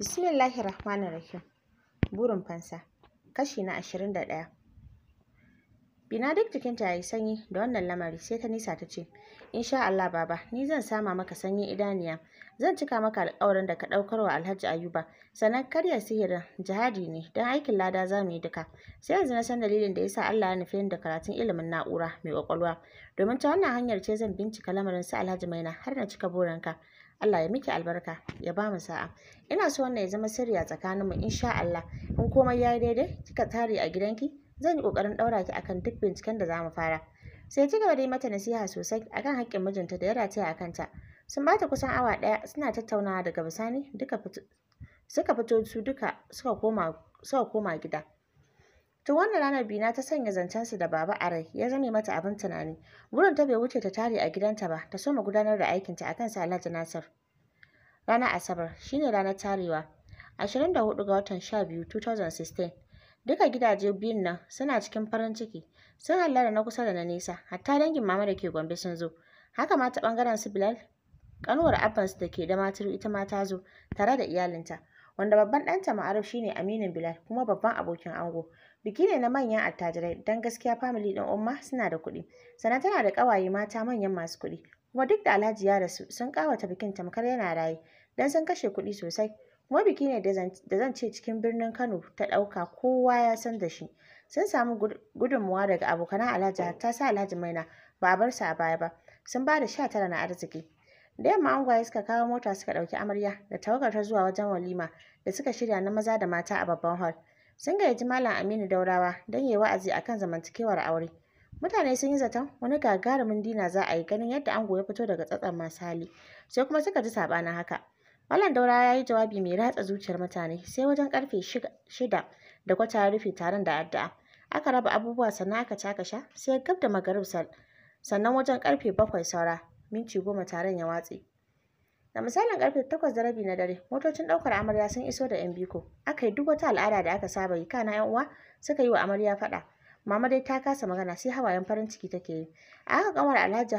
Bismillahir Rahmanir Rahim. Burin fansa. Kashi na ashirin da ɗaya. Bina duk jikinta ya yi sanyi da wannan lamari sai ta nisa ta ce, Insha Allah baba, ni zan sama maka sanyi idaniya, zan cika maka alƙawarin da ka ɗaukar wa Alhaji Ayuba, sannan karya sihirin jihadi ne don aikin lada za mu yi duka. Sai yanzu na san dalilin da yasa Allah ya nufi da karatun ilimin na'ura mai kwakwalwa. domin ta wannan hanyar ce zan bincika lamarin su Alhaji Maina har na cika burinka. Allah ya miki albarka ya ba mu sa'a ina so wannan ya zama sirri a tsakaninmu insha Allah in komai ya yi daidai kika tare a gidanki zan yi kokarin daura ki akan duk binciken da za mu fara sai ci gaba da yi mata nasiha sosai akan haƙƙin mijinta da ya rataya a kanta sun ba ta kusan awa ɗaya suna tattaunawa daga bisani duka suka fito su duka suka koma suka koma gida Tun wannan ranar Bina ta sanya zancen su da baba a rai ya zame mata abin tunani. Wurin ta bai wuce ta tare a gidanta ba, ta soma gudanar da aikinta akan sa Alhaji Nasir. Ranar Asabar shine ranar tarewa. 24 ga watan 12 2016 duka gidaje biyun nan suna cikin farin ciki sun hallara na kusa da na nesa hatta dangin mama da ke gombe sun zo haka ma ta bangaren su bilal kanuwar abbansu da ke da matar ita ma ta zo tare da iyalinta wanda babban ɗanta ma'aruf shine aminin bilal kuma babban abokin ango biki ne na manyan attajirai don gaskiya family ɗin umma suna da kuɗi sannan tana da ƙawaye mata manyan masu kuɗi kuma duk da alhaji ya rasu sun ƙawata bikin tamkar yana raye don sun kashe kuɗi sosai kuma biki ne da zan ce cikin birnin kano ta ɗauka kowa ya san da shi sun samu gudunmuwa daga abokanan alhaji ta sa alhaji maina ba a bar su a baya ba sun ba da sha tara na arziki da yamma angwaye suka kawo mota suka ɗauki amarya da tawagar ta zuwa wajen walima da suka shirya na maza da mata a babban hall sun gayyaci Malam Aminu Daurawa don ya yi wa'azi akan zamantakewar aure. Mutane sun yi zaton wani gagarumin dina za a yi ganin yadda ango ya fito daga tsatsan masu hali, sai kuma suka ji saɓanin haka. Malam Daurawa ya yi jawabi mai ratsa zuciyar mutane sai wajen karfe shida da kwata ya rufe taron da addu'a. Aka raba abubuwa sannan aka caka sha sai gab da magarib sannan wajen karfe bakwai saura minti goma taron ya watse. Da misalin karfe takwas da rabi na dare, motocin ɗaukar amarya sun iso da 'yan biko. Aka yi duk wata al'ada da aka saba yi kana 'yan uwa suka yi wa amarya faɗa. Mama dai ta kasa magana sai hawayen farin ciki take yi. A haka kamar Alhaji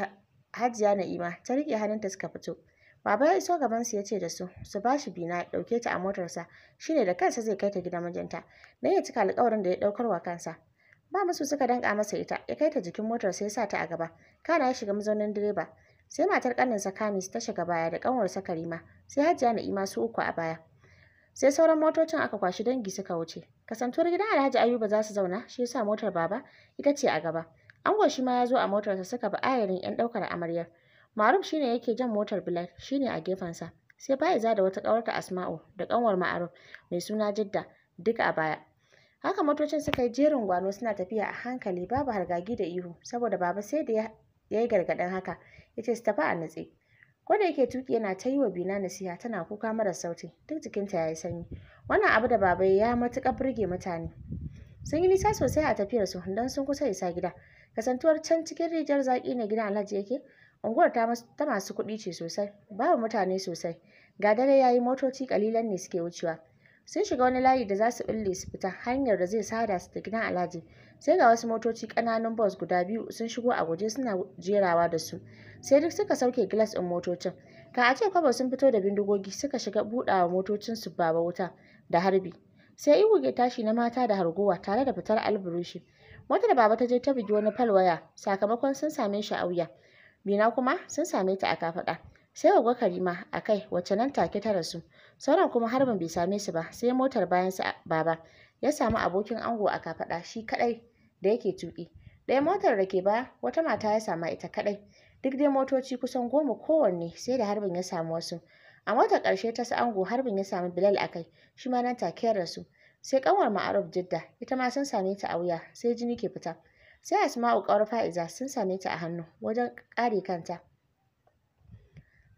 Hajiya Na'ima ta riƙe hannunta suka fito. Baba ya iso gaban su ya ce da su, su ba shi bina dauke ta a motarsa, shi ne da kansa zai kai ta gidan mijinta, don ya cika alƙawarin da ya daukar wa kansa. Ba musu suka danka masa ita, ya kai ta jikin motarsa ya sa ta a gaba, kana ya shiga mazaunin direba. sai matar ƙaninsa kamis ta shiga baya da ƙanwarsa karima sai hajiya na'ima su uku a baya sai sauran motocin aka kwashi dangi suka wuce kasantuwar gidan alhaji ayuba za su zauna shi yasa motar baba ita ce a gaba ango shi ma ya zo a motarsa suka ba ayarin yan ɗaukar amaryar maruf shine yake jan motar bilal shine a gefensa sai fa'iza da wata ƙawarta asma'u da ƙanwar ma'aruf mai suna jidda duk a baya haka motocin suka yi jerin gwano suna tafiya a hankali babu hargagi da ihu saboda baba sai da ya yi gargaɗin haka ya ce su tafi a natse?' ko da yake tuki yana ta yi wa bina nasiha tana kuka mara sauti duk jikinta ya yi sanyi wannan abu da babai ya matuƙar burge mutane sun yi nisa sosai a tafiyar su don sun kusa isa gida kasantuwar can cikin rijiyar zaƙi ne gidan alhaji yake unguwar ta masu kuɗi ce sosai babu mutane sosai ga dare ya yi motoci kalilan ne suke wucewa sun shiga wani layi da za su ɓulle su fita hanyar da zai sada su da gidan alhaji sai ga wasu motoci ƙananan bus guda biyu sun shigo a guje suna jerawa da su sai duk suka sauke gilas ɗin motocin ka a ce kwabo sun fito da bindigogi suka shiga buɗawa motocin su baba wuta da harbi sai ihu ke tashi na mata da hargowa tare da fitar alburushi motar baba ta je ta bugi wani falwaya sakamakon sun same shi a wuya bina kuma sun same ta a kafaɗa sai wa karima a kai wacce nan take ta rasu sauran kuma harbin bai same su ba sai motar bayan su baba ya samu abokin ango a kafaɗa shi kaɗai da yake tuƙi ɗaya motar da ke ba wata mata ya sama ita kaɗai duk dai motoci kusan goma kowanne sai da harbin ya samu wasu a motar ƙarshe ta ango harbin ya samu bilal a kai shi ma nan take rasu sai ƙanwar ma'aruf jidda ita ma sun same ta a wuya sai jini ke fita sai asma'u ƙawar fa'iza sun same ta a hannu wajen ƙare kanta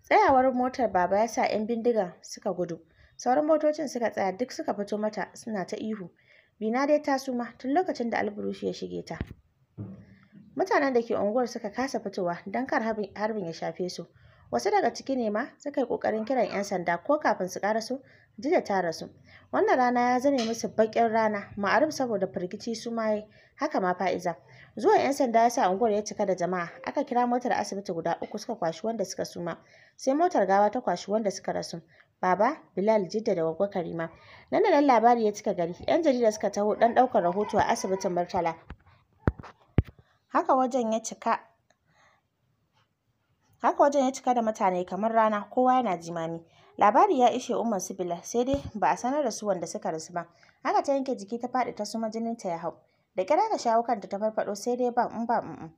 tsayawar motar baba ya sa 'yan bindiga suka gudu sauran motocin suka tsaya duk suka fito mata suna ta ihu bina dai ta suma tun lokacin da alburushi ya shige ta mutanen da ke unguwar suka kasa fitowa don kar harbin ya shafe su wasu daga ciki ne ma suka yi kokarin kiran 'yan sanda ko kafin su su jida ta rasu wannan rana ya zame musu baƙin rana ma'arif saboda firgici su ma haka ma fa'iza zuwa 'yan sanda ya sa unguwar ya cika da jama'a aka kira motar asibiti guda uku suka kwashi wanda suka suma sai motar gawa ta kwashi wanda suka rasu Baba, Bilal, Jidda da wagwa Karima. Nan da nan labari ya cika gari. 'Yan jarida suka taho don ɗaukar rahoto a asibitin Murtala. haka wajen ya cika da mutane kamar rana kowa yana jimami labari ya ishe umar su sai dai ba a sanar da su wanda suka rasu ba haka ta yanke jiki ta faɗi ta suma jinin ta ya hau da kira ka shawo kanta ta farfaɗo sai dai ba in um, ba in um, um.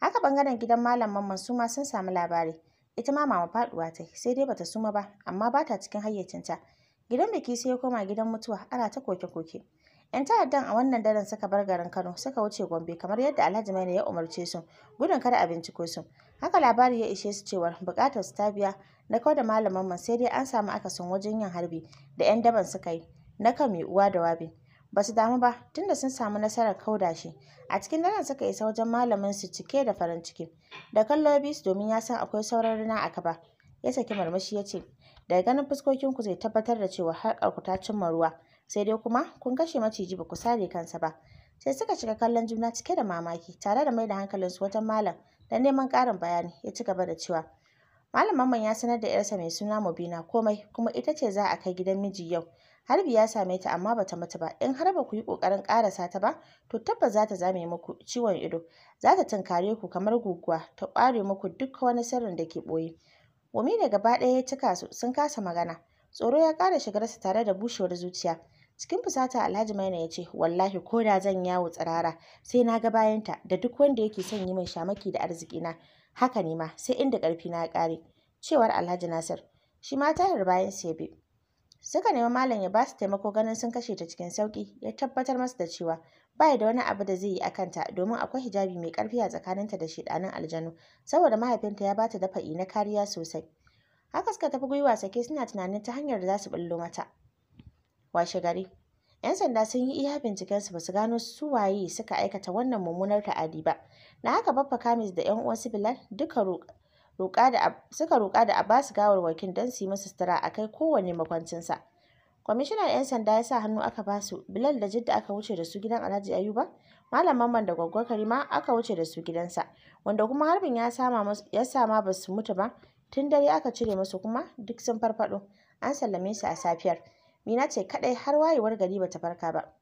haka bangaren gidan malam mamman su ma sun samu labari ita ma mama faɗuwa ta sai dai bata suma ba amma bata cikin hayyacinta gidan biki sai ya koma gidan mutuwa ana ta koke-koke 'Yan ta'addan a wannan daren suka bar garin Kano suka wuce Gombe kamar yadda Alhaji Maina ya umarce su gudun kada a binciko su. Haka labari ya ishe su cewar bukatar su ta biya na kau da malaman man sai dai an samu akasin wajen yin harbi da 'yan daban suka yi na kan mai uwa da wabi. Ba su damu ba tunda sun samu nasarar kauda shi. A cikin daren suka isa wajen malamin su cike da farin ciki. Da kallo bis domin ya san akwai sauran rina a kaba. Ya saki marmashi ya ce, daga ganin fuskokinku zai tabbatar da cewa harkar ku ta cimma ruwa. sai dai kuma kun kashe maciji ba ku sare kansa ba sai suka shiga kallon juna cike da mamaki tare da mai da hankalin su wajen malam don neman ƙarin bayani ya ci gaba da cewa malam mamman ya sanar da yarsa mai suna mubina komai kuma ita ce za a kai gidan miji yau harbi ya same ta amma bata mutu ba in har ba ku yi ƙoƙarin ƙarasa ta ba to tabbas za ta zame muku ciwon ido za ta tunkare ku kamar guguwa ta ƙware muku duk wani sirrin da ke ɓoye gumi da gaba ɗaya ya cika su sun kasa magana tsoro ya ƙara shigarsa tare da bushewar zuciya cikin fusata alhaji maina ya ce wallahi ko da zan yawo tsirara sai na ga bayanta da duk wanda yake son yi min shamaki da arziki na haka ne ma sai inda ƙarfi na kare. cewar alhaji nasir shi ma yar bayan sebe suka nemi malam ya ba su taimako ganin sun kashe ta cikin sauki ya tabbatar masa da cewa ba da wani abu da zai yi a kanta domin akwai hijabi mai ƙarfi a tsakaninta da shedanin aljanu saboda mahaifinta ya bata dafa'i na kariya sosai haka suka tafi gwiwa sake suna tunanin ta hanyar da za su ɓullo mata washe gari yan sanda sun yi iya bincikensu ba su gano su waye suka aikata wannan mummunar ta'adi ba na haka baffa kamis da yan uwan sibilan duka suka roƙa da a ba su gawarwakin don su yi masa sutura a kai kowane makwancinsa kwamishinan 'yan sanda ya sa hannu aka ba su bilal da jidda aka wuce da su gidan alhaji ayuba malam mamman da Gwaggwar karima aka wuce da su gidansa wanda kuma harbin ya sama ya sama ba su mutu ba tun dare aka cire musu kuma duk sun farfaɗo? an sallame su a safiyar Mina ce kaɗai har wayewar gari bata farka ba.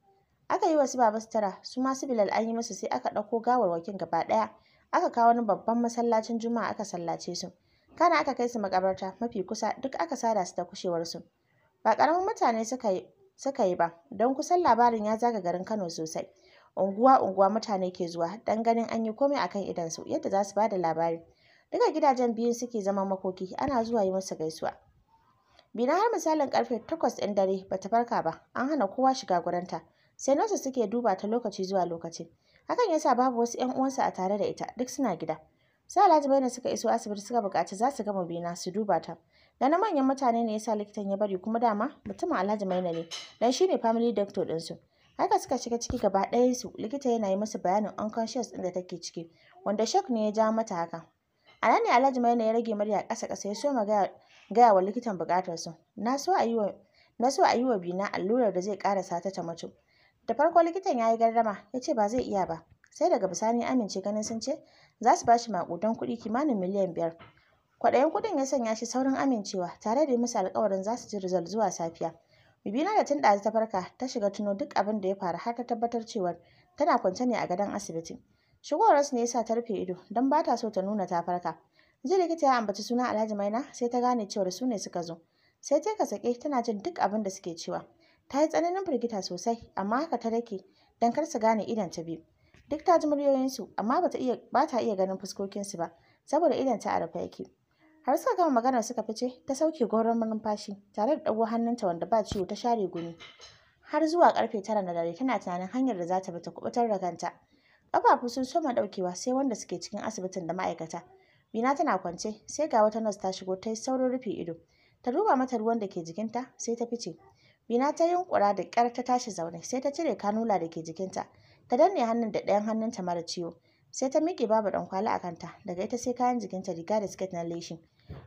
Aka yi wa su baba sutura, su ma sibilal an yi musu sai aka ɗauko gawarwakin gaba ɗaya. Aka kawo wani babban masallacin Juma'a aka sallace su. Kana aka kai su makabarta mafi kusa duk aka sada su da kushewarsu. Ba ƙaramin mutane suka yi suka yi ba, don kusan labarin ya zaga garin Kano sosai. Unguwa-unguwa mutane ke zuwa dan ganin an yi komai akan idan su, yadda za su ba da labari. Duka gidajen biyu suke zama makoki ana zuwa yi musu gaisuwa. Bina har misalin karfe 8 ɗin dare bata farka ba, an hana kowa shiga gurinta. Sai nasa suke duba ta lokaci zuwa lokaci. Hakan yasa babu wasu ƴan uwansa a tare da ita, duk suna gida. Sai Alhaji Baina suka iso asibiti suka buƙaci za su gama Bina su duba ta. Da na manyan mutane ne yasa likitan ya bari kuma dama mutumin Alhaji Maina ne, dan shine family doctor ɗinsu. su. Haka suka shiga ciki gaba su, likita yana yi musu bayanin unconscious ɗin da take ciki, wanda shock ne ya ja mata haka. A nan ne Alhaji Maina ya rage murya ƙasa ƙasa ya so magana gaya wa likitan buƙatarsu. Na so a yi wa na Bina allurar da zai ƙara sata ta mutu. Da farko likitan ya yi gardama ya ce ba zai iya ba. Sai daga bisani amince ganin sun ce za su ba shi maƙudan kuɗi kimanin miliyan biyar. Kwaɗayin kuɗin ya sanya shi saurin amincewa tare da yi musu alƙawarin za su ji rizal zuwa safiya. Bibina da tun ɗazu ta farka ta shiga tuno duk abin da ya faru har ta tabbatar cewa tana kwance ne a gadon asibiti. Shigowarsu ne ya sa ta rufe ido don ba ta so ta nuna ta farka. ji likita ya ambaci suna alhaji maina sai ta gane cewar su ne suka zo sai ta kasake tana jin duk abin da suke cewa ta yi tsananin firgita sosai amma haka ta rake don kar su gane idan ta biyu duk ta ji muryoyinsu amma bata iya ba ta iya ganin fuskokinsu ba saboda idan ta arafa rufe yake har suka gama maganar suka fice ta sauke goron numfashi tare da ɗago hannunta wanda ba ciwo ta share guni har zuwa karfe tara na dare tana tunanin hanyar da za ta bi ta kubutar da kanta ƙafafu sun soma ɗaukewa sai wanda suke cikin asibitin da ma'aikata Bina tana kwance sai ga wata nurse ta shigo ta yi saurin rufe ido. Ta duba mata ruwan da ke jikinta sai ta fice. Bina ta yunkura da ƙyar ta tashi zaune sai ta cire kanula da ke jikinta. Ta danne hannun da ɗayan hannunta mara ciwo. Sai ta miƙe babu ɗan kwali a kanta daga ita sai kayan jikinta riga da siket na leshi.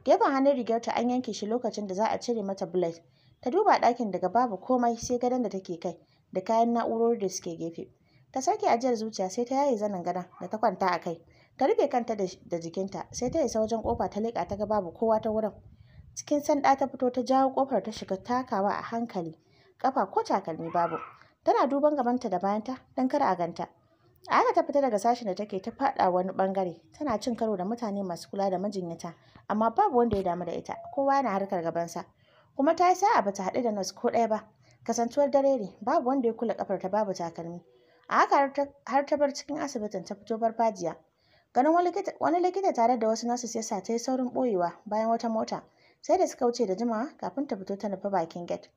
Gefen hannun rigarta an yanke shi lokacin da za a cire mata blade. Ta duba ɗakin daga babu komai sai gadon da take kai da kayan na'urori da suke gefe. Ta sake ajiyar zuciya sai ta yaye zanin gadon da ta kwanta a kai. ta rufe kanta da jikinta sai ta isa wajen kofa ta leƙa ta ga babu kowa ta wurin cikin sanda ta fito ta jawo kofar ta shiga takawa a hankali kafa ko takalmi babu tana duban gabanta da bayanta don kar a ganta a haka ta fita daga sashen da take ta faɗa wani bangare tana cin karo da mutane masu kula da majinyata amma babu wanda ya damu da ita kowa yana harkar gabansa kuma ta yi sa'a bata haɗu da nas ko ɗaya ba kasantuwar dare ne babu wanda ya kula kafar ta babu takalmi a haka har ta bar cikin asibitin ta fito farfajiya ganin wani likita tare da wasu nasu yasa ta yi saurin ɓoyewa bayan wata mota sai da suka wuce da jimawa kafin ta fito ta nufi bakin gate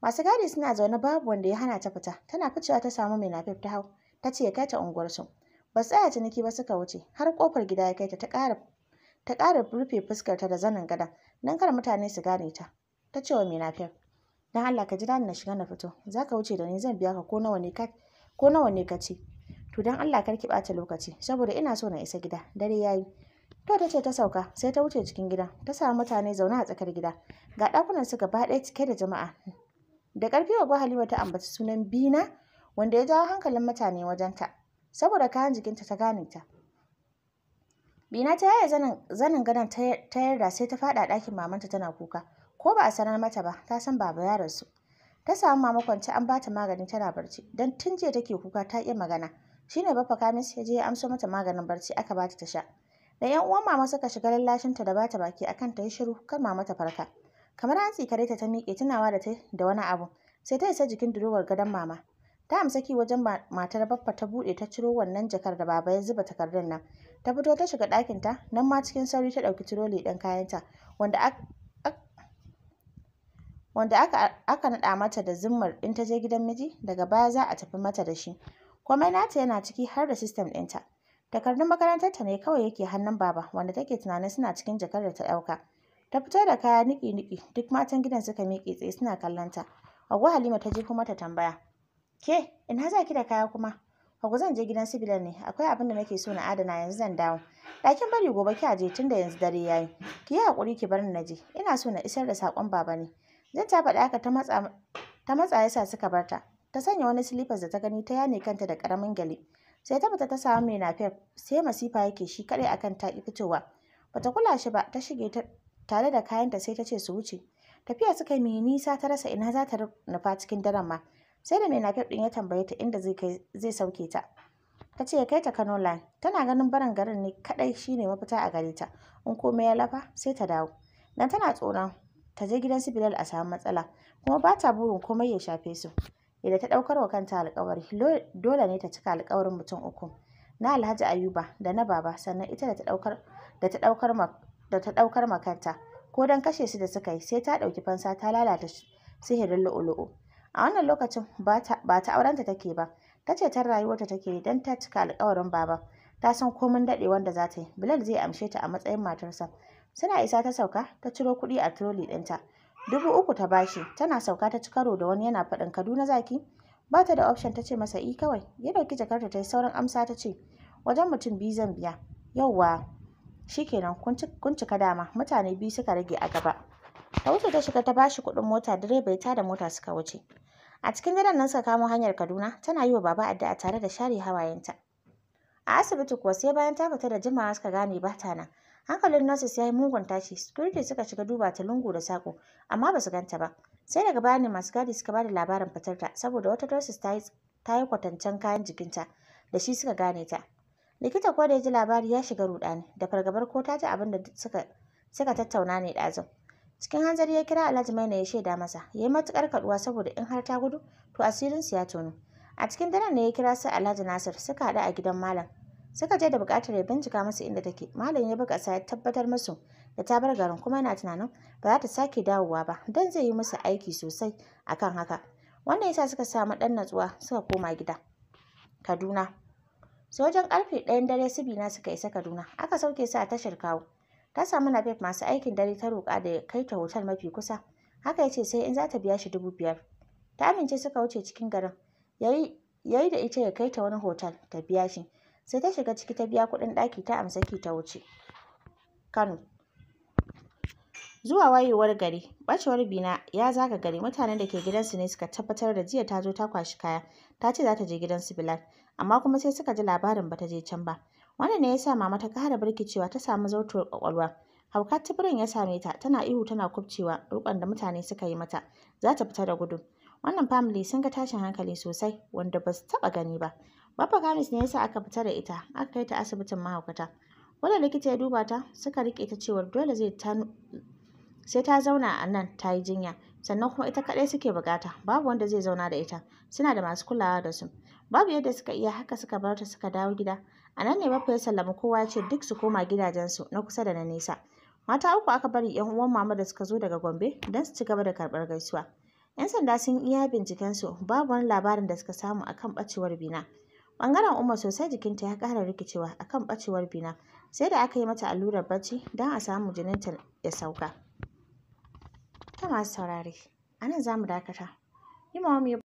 masu gadi suna zaune babu wanda ya hana ta fita tana ficewa ta samu mai nafif ta hau ta ce ya kai ta unguwarsu ba tsaya ciniki ba suka wuce har kofar gida ya kai ta ta ƙara rufe fuskar ta da zanin gada don kar mutane su gane ta ta ce wa mai nafif don Allah ka ji ni na shiga na fito za ka wuce da ni zan biya ka ko nawa ne ka ko nawa ne ka ce to dan Allah kar ki ɓata lokaci saboda ina so na isa gida dare yayi to ta ce ta sauka sai ta wuce cikin gida ta samu mutane zaune a tsakar gida ga ɗakunan su gaba ɗaya cike da jama'a da ƙarfi wa Halima ta ambaci sunan Bina wanda ya jawo hankalin mutane wajenta saboda kayan jikinta ta gane ta Bina ta yaya zanin gadon ta yarda sai ta faɗa ɗakin mamanta tana kuka ko ba a sanar mata ba ta san baba ya rasu ta samu mama kwance an bata magani tana barci don tun jiya take kuka ta iya magana Shi ne Baffa Kamis ya je ya amso mata maganin barci aka bata ta sha. Da ‘yan uwan mama suka shiga ta da bata baki akan ta yi shiru kan mama ta farka. Kamar an kare ta ta miƙe tunawa da ta da wani abu. Sai ta isa jikin durowar gadon mama. Ta amsaki wajen matar Baffa ta buɗe ta ciro wannan jakar da baba ya zuba takardun nan. Ta fito ta shiga ta nan ma cikin sauri ta ɗauki tiroli ɗin kayanta wanda wanda aka, aka naɗa mata da zimmar in ta je gidan miji daga baya za a tafi mata da shi Komai nata yana ciki har da sistem ɗinta. Takardun makarantarta ne kawai yake hannun baba wanda take tunanin suna cikin jakar da ta ɗauka. Ta fito da kaya niki-niki duk matan gidan suka miƙe tsaye suna kallon ta. Hauwa Halima ta je kuma ta tambaya. Ke ina za ki da kaya kuma? Hauwa zan je gidan sibilan ne akwai abin da nake so na adana yanzu zan dawo. Ɗakin bari gobe ki aje da yanzu dare yayi. Ki yi haƙuri ki bar ni na je ina so na isar da saƙon baba ne. Zan ta faɗa haka ta matsa ta matsa yasa suka bar ta. ta sanya wani silifas da ta gani ta yane kanta da karamin gyale sai ta fita ta samu mai nafef sai masifa yake shi kaɗai akan ta ƙi fitowa bata kula shi ba ta shige tare da kayanta sai ta ce su wuce tafiya suka mai nisa ta rasa ina za ta nufa cikin daren ma sai da mai nafef ɗin ya tambaye ta inda zai kai zai sauke ta ta ce ya kai ta Kano line tana ganin barin garin ne kaɗai shine mafita a gare ta in komai ya lafa sai ta dawo dan tana tsoron ta je gidan su a samu matsala kuma ba ta burin komai ya shafe su Idan ta ɗaukar wa kanta alƙawari dole ne ta cika alƙawarin mutum uku na Alhaji Ayuba da na Baba sannan ita da ta ɗaukar da ma kanta ko don kashe su da suka yi sai ta ɗauki fansa ta lalata sihirin lu'ulu'u. A wannan lokacin ba ta aurenta take ba ta ce ta rayuwarta take dan ta cika alƙawarin Baba ta san komin daɗe wanda za ta yi Bilal zai amshe ta a matsayin matarsa. Suna isa ta sauka ta ciro kuɗi a troli ɗinta. dubu uku ta bashi tana sauka ta ci karo da wani yana faɗin kaduna zaki ba ta da option ta ce masa i eh, kawai ya ɗauki jakarta ta yi sauran amsa ta ce wajen mutum biyu zan biya yauwa shikenan kun cika dama mutane biyu suka rage a gaba ta wuce ta shiga ta bashi kuɗin mota direba ya da mota suka wuce a cikin gidan nan suka kamo hanyar kaduna tana yi wa baba addu'a tare da share hawayenta a asibiti kuwa sai bayan ta fita da jimawa suka gane ba ta nan Hankalin nurses ya yi mugun tashi, security suka shiga duba ta lungu da sako, amma ba su ganta ba. Sai daga baya ne masu gadi suka ba da labarin fitarta, saboda wata nurses ta yi ta kwatancen kayan jikinta, da shi suka gane ta. Likita ko da ya ji labari ya shiga rudani, da fargabar ko ta ji abin da suka suka tattauna ne ɗazun. Cikin hanzari ya kira Alhaji Maina ya shaida masa, ya yi matuƙar kaɗuwa saboda in har ta gudu, to asirinsu ya tono. A cikin daren ne ya kira su Alhaji Nasir suka haɗu a gidan Malam. suka je da bukatar ya bincika musu inda take malam ya buga sa ya tabbatar musu da ta bar garin kuma yana tunanin ba za ta sake dawowa ba dan zai yi musu aiki sosai akan haka wannan yasa suka samu ɗan natsuwa suka koma gida Kaduna sai wajen karfe ɗayan dare su bina suka isa Kaduna aka sauke su a tashar kawo ta samu nafif masu aikin dare ta roƙa da ya kai ta hotel mafi kusa haka ya ce sai in za ta biya shi dubu biyar ta amince suka wuce cikin garin yayi yayi da ita ya kai ta wani hotel ta biya shi sai ta shiga ciki ta biya kuɗin ɗaki ta amsa ki ta wuce kano zuwa wayewar gari ɓacewar bina ya zaga gari mutanen da ke gidansu ne suka tabbatar da jiya ta zo ta kwashi kaya ta ce za ta je gidansu bilal amma kuma sai suka ji labarin ba ta je can ba wannan ne ya sa mama ta kara birkicewa ta samu zautuwar kwakwalwa hauka tuburin ya same ta tana ihu tana kubcewa rukon da mutane suka yi mata za ta fita da gudu wannan family sun ga tashin hankali sosai wanda ba su taɓa gani ba Baba Kamis ne yasa aka fita da ita, aka kai ta asibitin mahaukata. Wanda likita ya duba ta, suka rike ta cewar dole zai ta sai ta zauna a nan ta yi jinya. Sannan kuma ita kaɗai suke bukata, babu wanda zai zauna da ita, suna da masu kulawa da su. Babu yadda suka iya haka suka bar ta suka dawo gida. A nan ne Baffa ya sallama kowa ya ce duk su koma gidajensu na kusa da na nesa. Mata uku aka bari 'yan uwan mama da suka zo daga Gombe don su ci gaba da karɓar gaisuwa. 'Yan sanda sun iya bincikensu babu wani labarin da suka samu akan ɓacewar Bina. Ɓangaren Umma sosai jikinta ya ƙara rikicewa a kan ɓacewar Bina sai da aka yi mata allurar bacci don a samu jininta ya sauka. Ta masu saurare, a nan za mu dakata. Yi ma